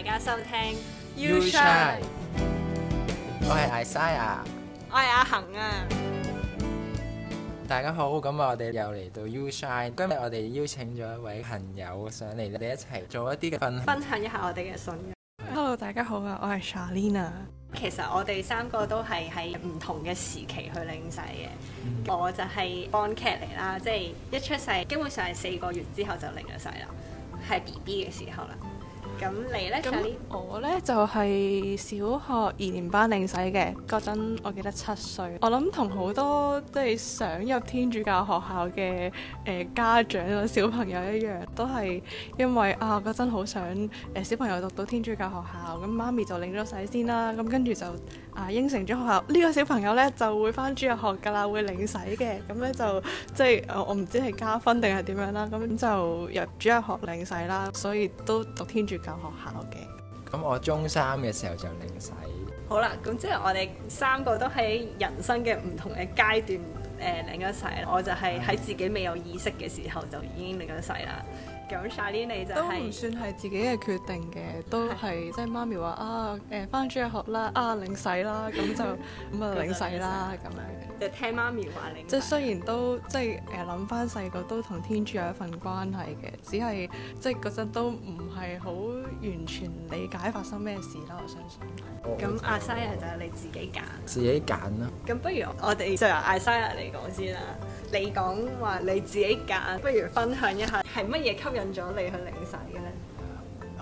大家收聽 You Shine，我係艾西亞啊，我係阿恒啊。大家好，咁我哋又嚟到 You Shine，今日我哋邀請咗一位朋友上嚟你哋一齊做一啲嘅分，分享一下我哋嘅信仰。Hello，大家好啊，我係 Charlina，其實我哋三個都係喺唔同嘅時期去領洗嘅，嗯、我就係幫劇嚟啦，即、就、係、是、一出世，基本上係四個月之後就領咗洗啦，係 BB 嘅時候啦。咁你呢？咁？我呢，就係、是、小學二年班領洗嘅，嗰陣我記得七歲。我諗同好多即係、就是、想入天主教學校嘅誒、呃、家長小朋友一樣，都係因為啊嗰陣好想誒、呃、小朋友讀到天主教學校，咁媽咪就領咗洗先啦，咁跟住就。啊應承咗學校呢、呢個小朋友呢就會翻主日學㗎啦，會領洗嘅，咁呢就即係我唔知係加分定係點樣啦，咁就入主日學領洗啦，所以都讀天主教學校嘅。咁我中三嘅時候就領洗。好啦，咁即係我哋三個都喺人生嘅唔同嘅階段誒、呃、領咗洗，我就係喺自己未有意識嘅時候就已經領咗洗啦。你就係、都唔算係自己嘅決定嘅，都係的即係媽咪話啊誒翻去學啦，啊、呃、啊領洗啦，咁 就咁啊領洗啦咁 樣。就聽媽咪話領洗。即係雖然都即係誒諗翻細個都同天主有一份關係嘅，只係即係嗰陣都唔係好完全理解發生咩事啦。我相信。咁阿西亞就係你自己揀。自己揀啦。咁不如我我哋就由阿西亞嚟講先啦。你講話你自己揀，不如分享一下係乜嘢吸引？ 進咗嚟去領洗。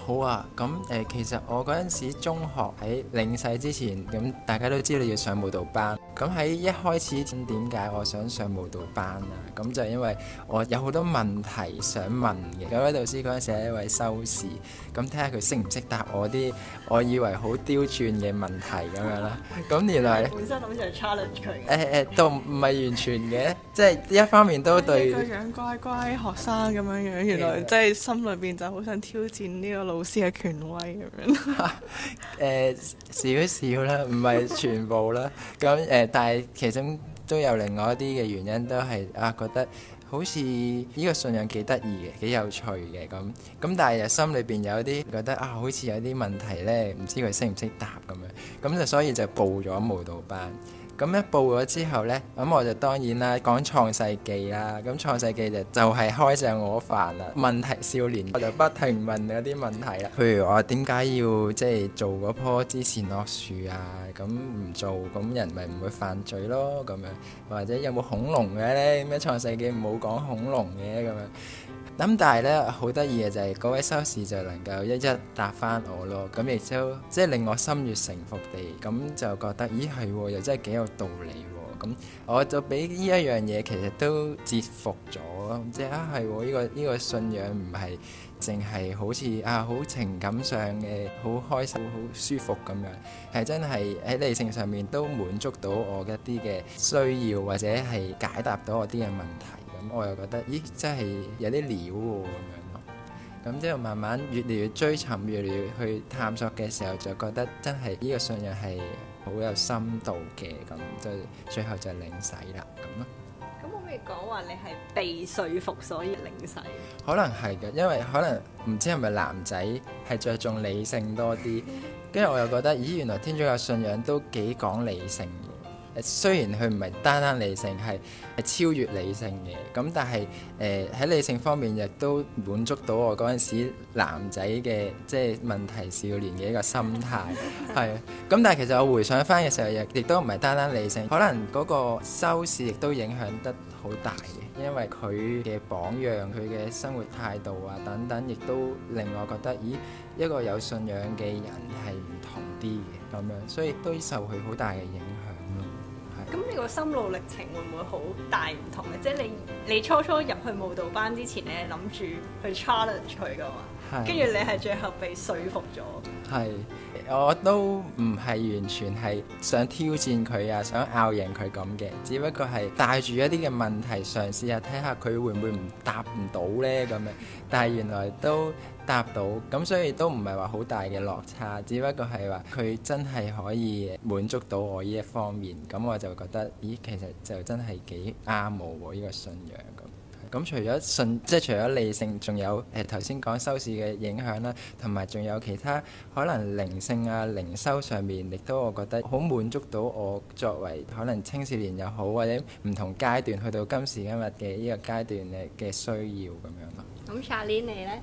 好啊，咁誒其實我陣時中學喺領洗之前，咁大家都知道要上舞蹈班。咁喺一開始點解我想上舞蹈班啊？咁就係因為我有好多問題想問嘅。咁位導師陣時時一位修士，咁睇下佢識唔識答我啲我以為好刁鑽嘅問題咁樣啦。咁原來 本身好似係 challenge 佢嘅。誒誒、欸欸，都唔係完全嘅， 即係一方面都對個、哎、樣乖乖學生咁樣樣，原來 即係心裏邊就好想挑戰呢個老。老師嘅權威咁樣，誒、 啊呃、少少啦，唔係全部啦。咁誒，但係其中都有另外一啲嘅原因，都係啊覺得好似呢個信仰幾得意嘅，幾有趣嘅咁。咁但係又心裏邊有啲覺得啊，好似有啲問題呢，唔知佢識唔識答咁樣。咁就所以就報咗舞蹈班。咁一報咗之後咧，咁我就當然啦，講創世記啦。咁創世記就就係開著我飯啦。問題少年我就不停問嗰啲問題啦。譬如我點解要即係做嗰棵知善惡樹啊？咁唔做，咁人咪唔會犯罪咯？咁樣或者有冇恐龍嘅咧？咩創世記冇講恐龍嘅咁樣？咁但係咧，好得意嘅就係嗰位修士就能夠一一答翻我咯，咁亦都即係令我心悅誠服地，咁就覺得咦係喎，又真係幾有道理喎，咁我就俾呢一樣嘢其實都折服咗咯，即係啊係喎，呢個呢個信仰唔係淨係好似啊好情感上嘅好開心好舒服咁樣，係真係喺理性上面都滿足到我一啲嘅需要，或者係解答到我啲嘅問題。咁我又覺得，咦，真係有啲料喎、啊、咁樣咯。咁之後慢慢越嚟越追尋，越嚟越去探索嘅時候，就覺得真係呢個信仰係好有深度嘅。咁最最後就領洗啦咁咯。咁可唔可以講話你係被說服，所以領洗？可能係嘅，因為可能唔知係咪男仔係着重理性多啲，跟住 我又覺得，咦，原來天主教信仰都幾講理性。雖然佢唔係單單理性，係係超越理性嘅，咁但係誒喺理性方面亦都滿足到我嗰陣時男仔嘅即係問題少年嘅一個心態，係。 咁但係其實我回想翻嘅時候，亦亦都唔係單單理性，可能嗰個收視亦都影響得好大嘅，因為佢嘅榜樣、佢嘅生活態度啊等等，亦都令我覺得，咦，一個有信仰嘅人係唔同啲嘅咁樣，所以都受佢好大嘅影響。咁你個心路歷程會唔會好大唔同咧？即係你你初初入去舞蹈班之前咧，諗住去 challenge 佢㗎嘛，跟住是你係最後被說服咗。係，我都唔係完全係想挑戰佢啊，想拗贏佢咁嘅，只不過係帶住一啲嘅問題嘗試下睇下佢會唔會唔答唔到咧咁嘅， 但係原來都。答到咁，所以都唔係話好大嘅落差，只不過係話佢真係可以滿足到我呢一方面咁，我就覺得咦，其實就真係幾啱我喎。呢個信仰咁咁，除咗信，即係除咗理性，仲有誒頭先講收視嘅影響啦，同埋仲有其他可能靈性啊、靈修上面，亦都我覺得好滿足到我作為可能青少年又好，或者唔同階段去到今時今日嘅呢個階段嘅需要咁樣咯。咁 Charlie 你咧？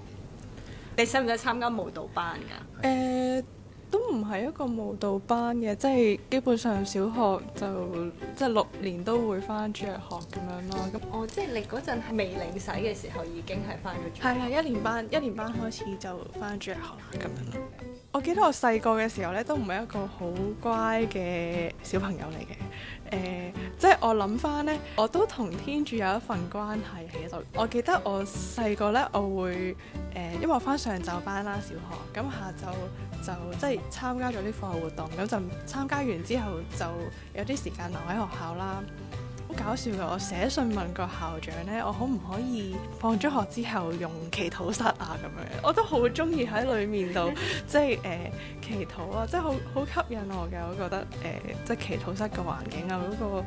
你使唔使參加舞蹈班㗎？誒、呃，都唔係一個舞蹈班嘅，即係基本上小學就即係六年都會返主日學咁樣咯。咁我、哦、即係你嗰陣未領洗嘅時候已經係翻咗。係啊、嗯，一年班一年班開始就返主日學啦咁樣咯。我記得我細個嘅時候咧，都唔係一個好乖嘅小朋友嚟嘅。誒、呃，即係我諗翻呢，我都同天主有一份關係喺度。我記得我細個呢，我會誒、呃，因為我翻上晝班啦，小學，咁下晝就，就即係參加咗啲課外活動，咁就參加完之後就有啲時間留喺學校啦。搞笑嘅，我寫信問個校長咧，我可唔可以放咗學之後用祈禱室啊？咁樣我都好鍾意喺裏面度，即係誒、呃、祈禱啊，即係好好吸引我嘅。我覺得誒、呃，即係祈禱室嘅環境啊，嗰、那個。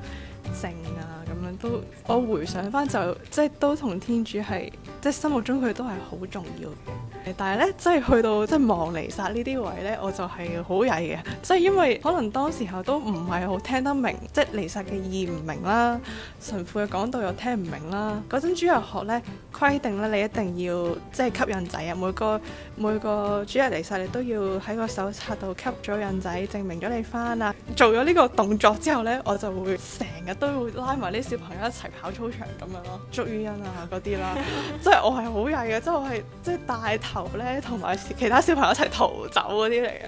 性啊咁樣都，我回想翻，就即係都同天主係，即係心目中佢都係好重要嘅。但係呢，即係去到即係望彌撒呢啲位呢，我就係好曳嘅。即係因為可能當時候都唔係好聽得明，即係彌撒嘅意唔明啦，神父嘅講道又聽唔明啦。嗰陣主日學呢，規定呢，你一定要即係吸印仔啊，每個每個主日彌撒你都要喺個手冊度吸咗印仔，證明咗你翻啊。做咗呢個動作之後呢，我就會成日。都會拉埋啲小朋友一齊跑操場咁樣咯，啊，捉伊人啊嗰啲啦， 即係我係好曳嘅，即係我係即係帶頭咧，同埋其他小朋友一齊逃走嗰啲嚟嘅，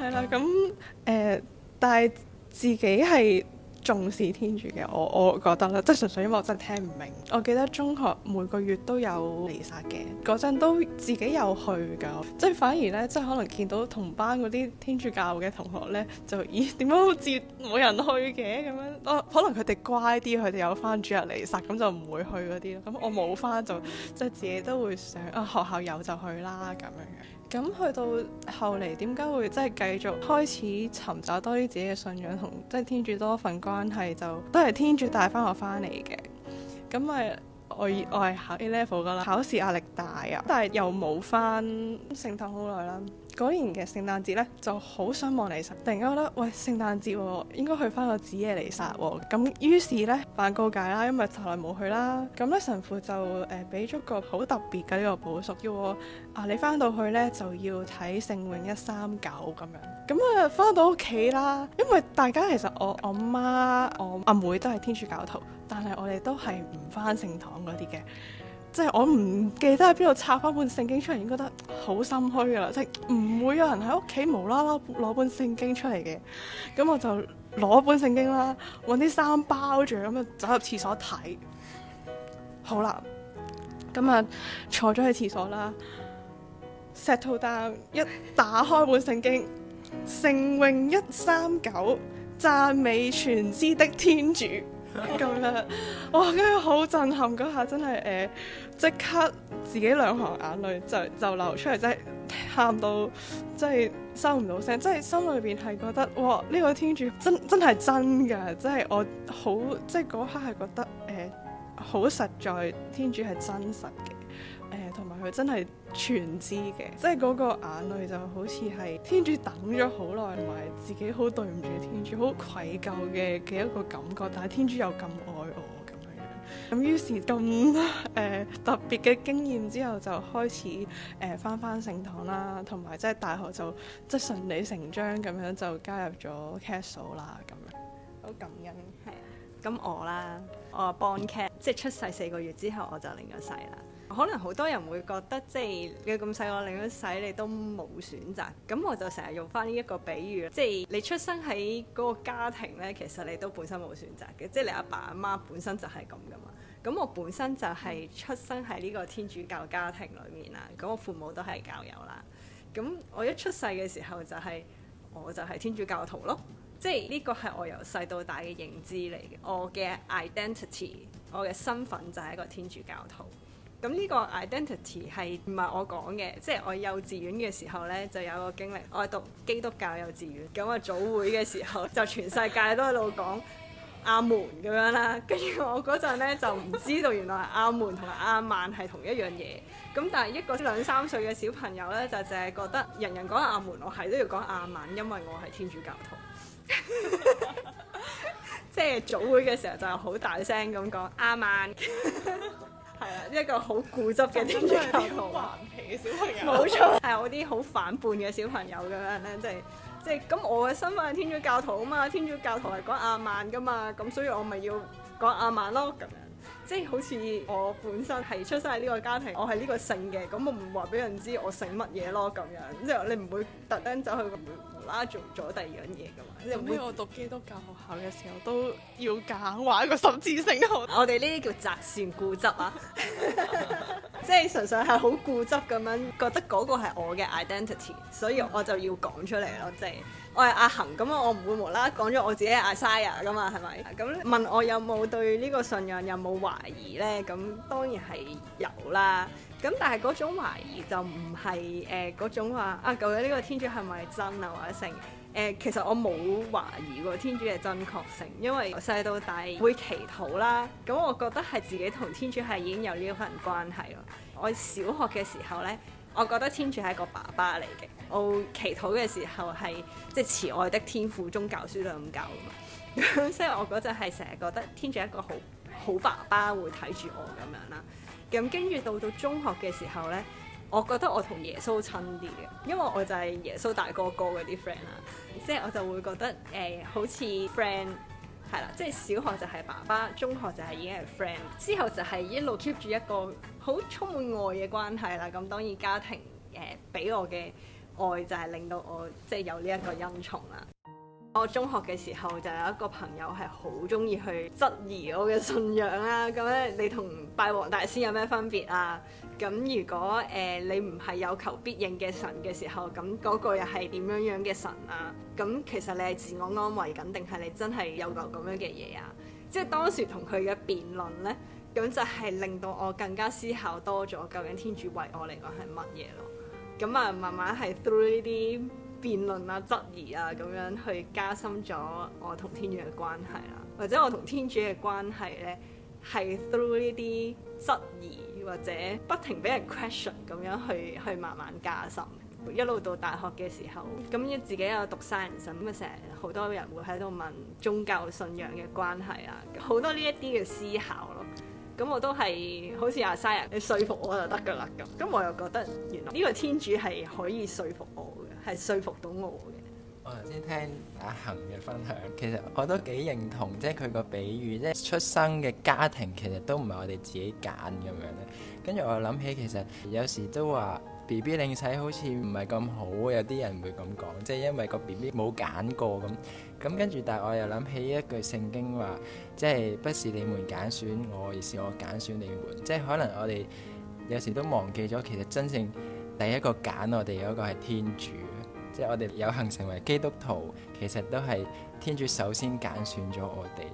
係啦， 咁誒、呃，但係自己係。重視天主嘅，我我覺得咧，即係純粹因為我真係聽唔明。我記得中學每個月都有彌撒嘅，嗰陣都自己有去㗎，即係反而呢，即係可能見到同班嗰啲天主教嘅同學呢，就咦點解好似冇人去嘅咁樣？我、啊、可能佢哋乖啲，佢哋有返主日彌撒，咁就唔會去嗰啲咯。咁我冇返就即係自己都會想啊，學校有就去啦咁樣。咁去到後嚟，點解會即係繼續開始尋找多啲自己嘅信仰，同即係天主多一份關係，就都係天主帶返我返嚟嘅。咁咪～我我係考 A Level 噶啦，考試壓力大啊，但係又冇翻聖堂好耐啦。嗰年嘅聖誕節呢，就好想望彌撒，突然間覺得喂，聖誕節應該去翻個子夜彌撒。咁於是呢，辦告解啦，因為長年冇去啦。咁呢，神父就誒俾咗個好特別嘅呢個補贖，叫我啊你翻到去呢，就要睇聖詠一三九咁樣。咁啊翻到屋企啦，因為大家其實我我媽我阿妹都係天主教徒。但係我哋都係唔返聖堂嗰啲嘅，即係我唔記得喺邊度拆返本聖經出嚟，應該覺得好心虛噶啦，即係唔會有人喺屋企無啦啦攞本聖經出嚟嘅。咁、嗯、我就攞本聖經啦，揾啲衫包住咁啊，走入廁所睇。好啦，咁啊坐咗喺廁所啦，settle down，一打開一本聖經，聖詠一三九讚美全知的天主。咁樣，哇！跟住好震撼嗰下，真係誒，即刻自己兩行眼淚就就流出嚟，真係喊到真係收唔到聲，真係心裏邊係覺得哇！呢個天主真真係真㗎，即係我好即係嗰刻係覺得誒好實在，天主係真實。佢真係全知嘅，即係嗰個眼淚就好似係天主等咗好耐，同埋自己好對唔住天主，好愧疚嘅嘅一個感覺。但係天主又咁愛我咁樣，咁於是咁、呃、特別嘅經驗之後，就開始誒返返聖堂啦，同埋即係大學就即係順理成章咁樣就加入咗 Castle 啦，咁樣好感恩係呀。咁我啦，我幫 Cat 即係出世四個月之後，我就領咗洗啦。可能好多人會覺得，即係你咁細個，你咁細，你都冇選擇。咁我就成日用翻呢一個比喻，即係你出生喺嗰個家庭呢，其實你都本身冇選擇嘅。即係你阿爸阿媽本身就係咁噶嘛。咁我本身就係出生喺呢個天主教家庭裏面啦。咁我父母都係教友啦。咁我一出世嘅時候就係，我就係天主教徒咯。即係呢個係我由細到大嘅認知嚟嘅，我嘅 identity，我嘅身份就係一個天主教徒。咁呢個 identity 係唔係我講嘅？即係我幼稚園嘅時候呢，就有個經歷。我讀基督教幼稚園，咁啊早會嘅時候就全世界都喺度講阿門咁樣啦。跟住我嗰陣呢就唔知道，原來阿門同阿曼係同一樣嘢。咁但係一個兩三歲嘅小朋友呢，就淨係覺得人人講阿門，我係都要講阿曼，因為我係天主教徒。即係早會嘅時候就好大聲咁講阿曼。 係啊，一個好固執嘅天主教徒， 頑皮嘅小朋友，冇錯，係我啲好反叛嘅小朋友咁樣咧，即係即係咁我嘅身份係天主教徒啊嘛，天主教徒係講阿曼噶嘛，咁所以我咪要講阿曼咯，咁樣即係、就是、好似我本身係出生喺呢個家庭，我係呢個姓嘅，咁我唔話俾人知我姓乜嘢咯，咁樣即係、就是、你唔會特登走去。啦，做咗第二樣嘢噶嘛？你有咩我讀基督教學校嘅時候都要假玩一個十字聖號？我哋呢啲叫擇善固執啊， 即係純粹係好固執咁樣，覺得嗰個係我嘅 identity，所以我就要講出嚟咯。即係、嗯、我係阿恆咁啊，我唔會無啦啦講咗我自己係阿 Sire 噶嘛，係咪？咁問我有冇對呢個信仰有冇懷疑咧？咁當然係有啦。咁但係嗰種懷疑就唔係誒，嗰種話啊，究竟呢個天主係咪真啊，或者成、誒、呃、其實我冇懷疑過天主嘅真確性，因為由細到大會祈禱啦。咁我覺得係自己同天主係已經有呢一份關係咯。我小學嘅時候咧，我覺得天主係一個爸爸嚟嘅。我祈禱嘅時候係即係、就是、慈愛的天父，宗教書都咁教噶嘛，咁 所以我嗰陣係成日覺得天主係一個好好爸爸會睇住我咁樣啦。咁跟住到到中學嘅時候呢，我覺得我同耶穌親啲嘅，因為我就係耶穌大哥哥嗰啲 friend 啦，即係我就會覺得誒、呃、好似 friend 係啦，即係小學就係爸爸，中學就係已經係 friend，之後就係一路 keep 住一個好充滿愛嘅關係啦。咁當然家庭誒俾、呃、我嘅愛就係令到我即係有呢一個恩寵啦。我中學嘅時候就有一個朋友係好中意去質疑我嘅信仰啊。咁咧你同拜王大師有咩分別啊？咁如果誒、呃、你唔係有求必應嘅神嘅時候，咁嗰個又係點樣樣嘅神啊？咁其實你係自我安、安慰緊，定係你真係有個咁樣嘅嘢啊？即係當時同佢嘅辯論呢，咁就係令到我更加思考多咗究竟天主為我嚟講係乜嘢咯？咁啊慢慢係 through 辯論啊、質疑啊，咁樣去加深咗我同天主嘅關係啦、啊，或者我同天主嘅關係呢，係 through 呢啲質疑或者不停俾人 question 咁、啊、樣去去慢慢加深。一路到大學嘅時候，咁自己又讀 science 咁，咪成日好多人會喺度問宗教信仰嘅關係啊，好多呢一啲嘅思考咯。咁我都係好似阿 Sayer 你說服我就得㗎啦。咁咁我又覺得原來呢個天主係可以說服我。係說服到我嘅。我頭先聽阿恒嘅分享，其實我都幾認同，即係佢個比喻，即係出生嘅家庭其實都唔係我哋自己揀咁樣咧。跟住我又諗起，其實有時都話 B B 令仔好似唔係咁好，有啲人會咁講，即係因為個 B B 冇揀過咁。咁跟住，但係我又諗起一句聖經話，即係不是你們揀選我，而是我揀選你們。即係可能我哋有時都忘記咗，其實真正第一個揀我哋嗰個係天主。即係我哋有幸成為基督徒，其實都係天主首先揀選咗我哋。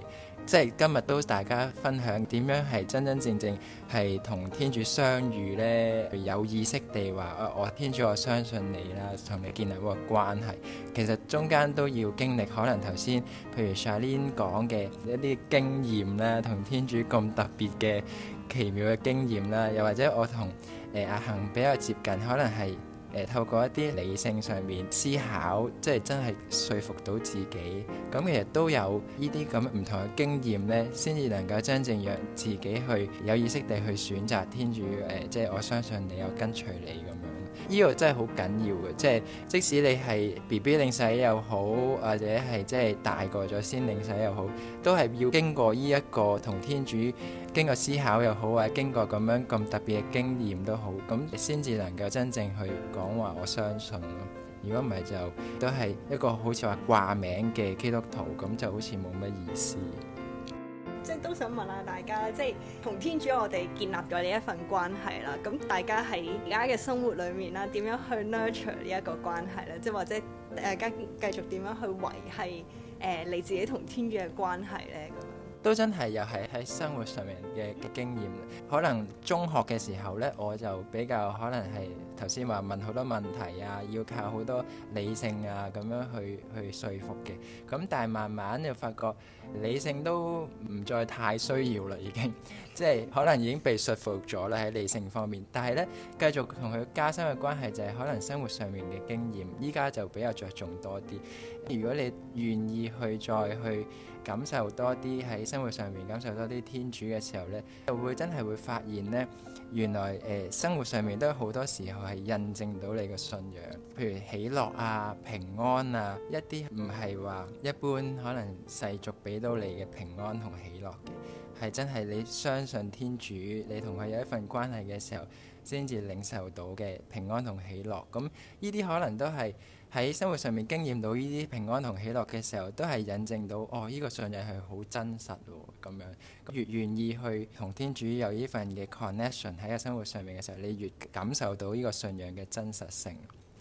即係今日都大家分享點樣係真真正正係同天主相遇呢？有意識地話：我、啊、天主，我相信你啦，同你建立個關係。其實中間都要經歷，可能頭先譬如 Shalin 講嘅一啲經驗啦，同天主咁特別嘅奇妙嘅經驗啦，又或者我同誒、呃、阿恒比較接近，可能係。誒，透過一啲理性上面思考，即係真係說服到自己，咁其實都有呢啲咁唔同嘅經驗，呢先至能夠真正讓自己去有意識地去選擇天主誒，即係我相信你，有跟隨你咁樣。呢個真係好緊要嘅，即係即使你係 BB 領洗又好，或者係即係大個咗先領洗又好，都係要經過呢一個同天主經過思考又好，或者經過咁樣咁特別嘅經驗都好，咁先至能夠真正去講話我相信咯。如果唔係就都係一個好似話掛名嘅基督徒，咁就好似冇乜意思。即係都想問下大家，即係同天主我哋建立咗呢一份關係啦。咁大家喺而家嘅生活裡面啦，點樣去 nurture 呢一個關係咧？即係或者誒，繼續點樣去維係誒你自己同天主嘅關係咧？都真係又係喺生活上面嘅經驗。可能中學嘅時候咧，我就比較可能係。頭先話問好多問題啊，要靠好多理性啊咁樣去去說服嘅。咁但係慢慢就發覺理性都唔再太需要啦，已經 即係可能已經被說服咗啦喺理性方面。但係呢繼續同佢加深嘅關係就係可能生活上面嘅經驗。依家就比較着重多啲。如果你願意去再去感受多啲，喺生活上面感受多啲天主嘅時候呢，就會真係會發現呢。原來誒、呃、生活上面都有好多時候係印證到你嘅信仰，譬如喜樂啊、平安啊，一啲唔係話一般可能世俗俾到你嘅平安同喜樂嘅，係真係你相信天主，你同佢有一份關係嘅時候，先至領受到嘅平安同喜樂。咁呢啲可能都係。喺生活上面經驗到呢啲平安同喜樂嘅時候，都係印證到哦，呢個信仰係好真實喎咁樣。越願意去同天主有呢份嘅 connection 喺個生活上面嘅時候，你越感受到呢個信仰嘅真實性。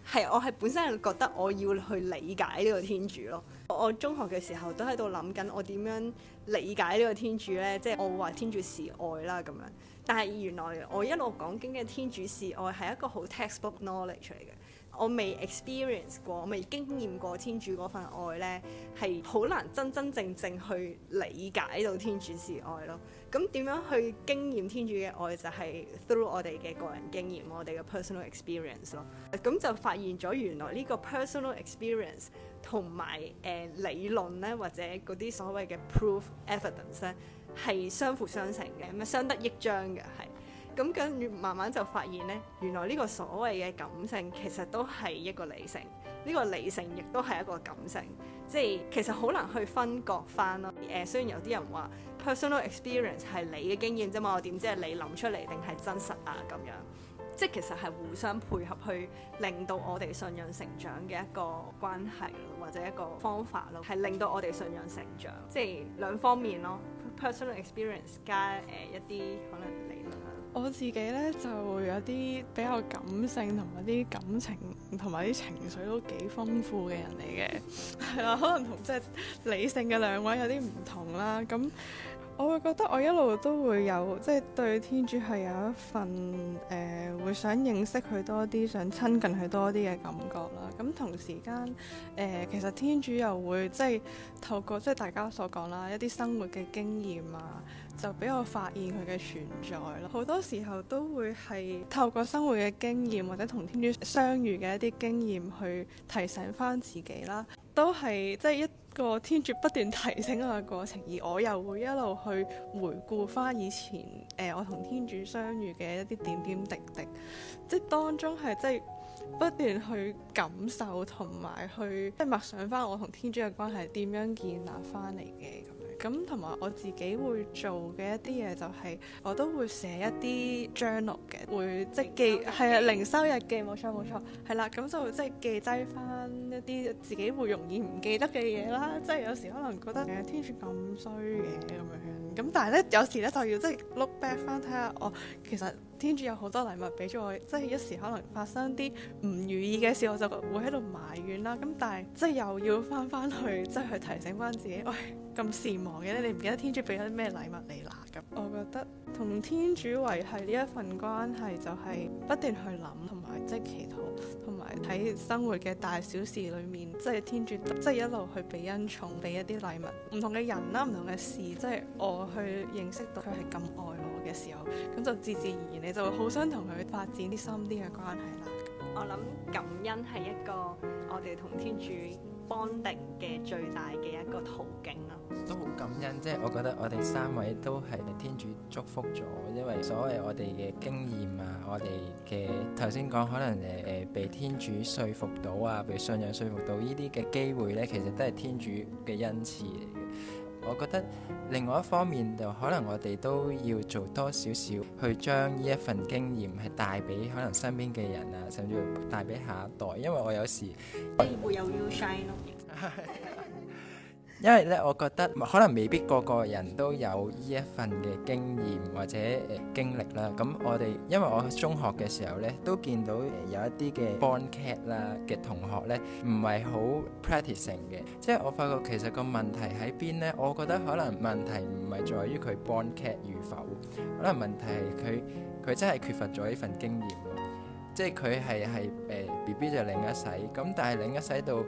係，我係本身係覺得我要去理解呢個天主咯。我中學嘅時候都喺度諗緊我點樣理解呢個天主呢？即係我會話天主是愛啦咁樣。但係原來我一路講緊嘅天主是愛係一個好 textbook knowledge 嚟嘅。我未 experience 過，我未經驗過天主嗰份愛呢，係好難真真正正去理解到天主是愛咯。咁點樣去經驗天主嘅愛就係 through 我哋嘅個人經驗，我哋嘅 personal experience 咯。咁就發現咗原來呢個 personal experience 同埋誒理論呢，或者嗰啲所謂嘅 proof evidence 呢，係相輔相成嘅，咪相得益彰嘅係。咁跟住，慢慢就發現呢，原來呢個所謂嘅感性其實都係一個理性，呢、這個理性亦都係一個感性，即係其實好難去分割翻咯。誒、呃，雖然有啲人話 personal experience 係你嘅經驗啫嘛，我點知係你諗出嚟定係真實啊？咁樣即係其實係互相配合去，去令到我哋信仰成長嘅一個關係，或者一個方法咯，係令到我哋信仰成長，即係兩方面咯，personal experience 加誒、呃、一啲可能理論。我自己呢，就有啲比較感性，同埋啲感情同埋啲情緒都幾豐富嘅人嚟嘅，係啦， 可能同即係理性嘅兩位有啲唔同啦，咁。我會覺得我一路都會有，即係對天主係有一份誒，會想認識佢多啲，想親近佢多啲嘅感覺啦。咁同時間誒，其實天主又會即係透過即係大家所講啦，一啲生活嘅經驗啊，就俾我發現佢嘅存在啦。好多時候都會係透過生活嘅經驗，或者同天主相遇嘅一啲經驗，去提醒翻自己啦。都係即係一個天主不斷提醒我嘅過程，而我又會一路去回顧翻以前誒、呃、我同天主相遇嘅一啲點點滴滴，即係當中係即係不斷去感受同埋去即係默想翻我同天主嘅關係點樣建立翻嚟嘅。咁同埋我自己會做嘅一啲嘢就係我都會寫一啲 journal 嘅，嗯、會即記係啊零收日記，冇錯冇錯，係啦咁就即記低翻一啲自己會容易唔記得嘅嘢啦，即係有時可能覺得誒、哎、天主咁衰嘅咁樣，咁但係咧有時咧就要即係 look back 翻睇下我其實。天主有好多禮物俾咗我，即係一時可能發生啲唔如意嘅事，我就會喺度埋怨啦。咁但係即係又要返返去，即係去提醒返自己，喂，咁善忘嘅你，你唔記得天主俾咗啲咩禮物你啦。咁我覺得同天主維係呢一份關係，就係不斷去諗。即係祈禱，同埋喺生活嘅大小事裏面，即係天主，即係一路去俾恩寵，俾一啲禮物。唔同嘅人啦，唔同嘅事，即係我去認識到佢係咁愛我嘅時候，咁就自自然然你就會好想同佢發展啲深啲嘅關係啦。我諗感恩係一個我哋同天主邦定嘅最大嘅一個途徑啦，都好感恩，即係我覺得我哋三位都係天主祝福咗，因為所謂我哋嘅經驗啊，我哋嘅頭先講可能誒誒被天主説服到啊，被信仰説服到呢啲嘅機會咧，其實都係天主嘅恩賜。我覺得另外一方面就可能我哋都要做多少少去將呢一份經驗係帶俾可能身邊嘅人啊，甚至帶俾下一代。因為我有時，因為有 sunshine 咯。因為咧，我覺得可能未必個個人都有呢一份嘅經驗或者誒、呃、經歷啦。咁我哋因為我中學嘅時候咧，都見到有一啲嘅 Born Cat 啦嘅同學咧，唔係好 practicing 嘅。即係我發覺其實個問題喺邊咧？我覺得可能問題唔係在於佢 Born Cat 與否，可能問題係佢佢真係缺乏咗呢份經驗。即係佢係係誒 BB 就另一世，咁但係另一世度。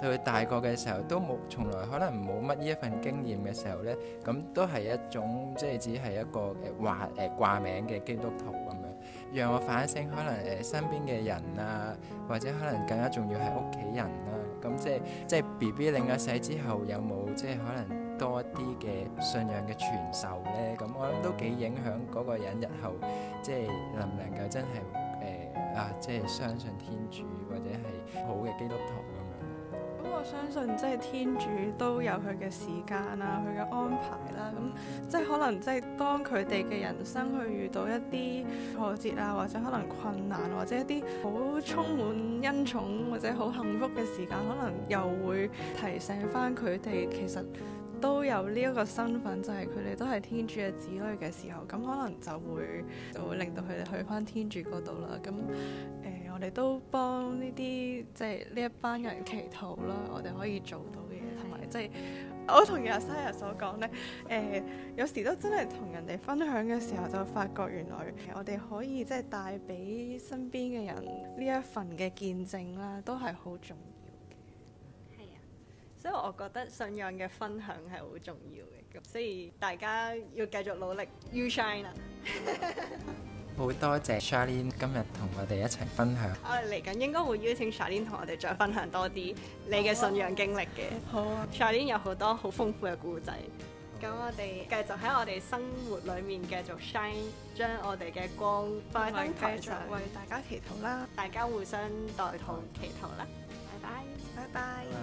對佢大個嘅時候都冇，從來可能冇乜呢一份經驗嘅時候呢，咁都係一種即係只係一個誒掛誒掛名嘅基督徒咁樣，讓我反省可能誒身邊嘅人啊，或者可能更加重要係屋企人啦。咁即係即係 BB 領洗之後有冇即係可能多啲嘅信仰嘅傳授呢？咁我諗都幾影響嗰個人日後即係能唔能夠真係誒啊即係相信天主或者係好嘅基督徒。我相信即係天主都有佢嘅時間啊，佢嘅安排啦、啊。咁即係可能即係當佢哋嘅人生去遇到一啲挫折啊，或者可能困難，或者一啲好充滿恩寵或者好幸福嘅時間，可能又會提醒翻佢哋其實都有呢一個身份，就係佢哋都係天主嘅子女嘅時候，咁可能就會就會令到佢哋去翻天主嗰度啦。咁我哋都幫呢啲即係呢一班人祈禱啦，我哋可以做到嘅嘢，同埋即係我同亞西亞所講咧，誒、呃、有時都真係同人哋分享嘅時候，就發覺原來我哋可以即係帶俾身邊嘅人呢一份嘅見證啦，都係好重要嘅。係啊，所以我覺得信仰嘅分享係好重要嘅，咁所以大家要繼續努力，You Shine 啊！ 好多謝 Charlene 今日同我哋一齊分享。我哋嚟緊應該會邀請 Charlene 同我哋再分享多啲你嘅信仰經歷嘅，啊。好啊 Charlene 有好多好豐富嘅故仔。咁、啊、我哋繼續喺我哋生活裡面繼續 shine，將我哋嘅光發亮出去，為大家祈禱啦，大家互相代禱祈禱啦。拜拜、啊，拜拜。